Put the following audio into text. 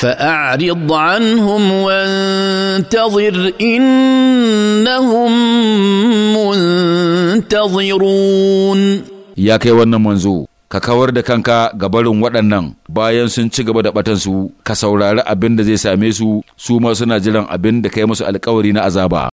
فأعرض عنهم وانتظر إنهم منتظرون يا كي wannan manzo ka kawar da kanka ga barin waɗannan bayan sun ci gaba da su ka saurari abin da zai same su su ma suna jiran abin da kai musu alkawari na azaba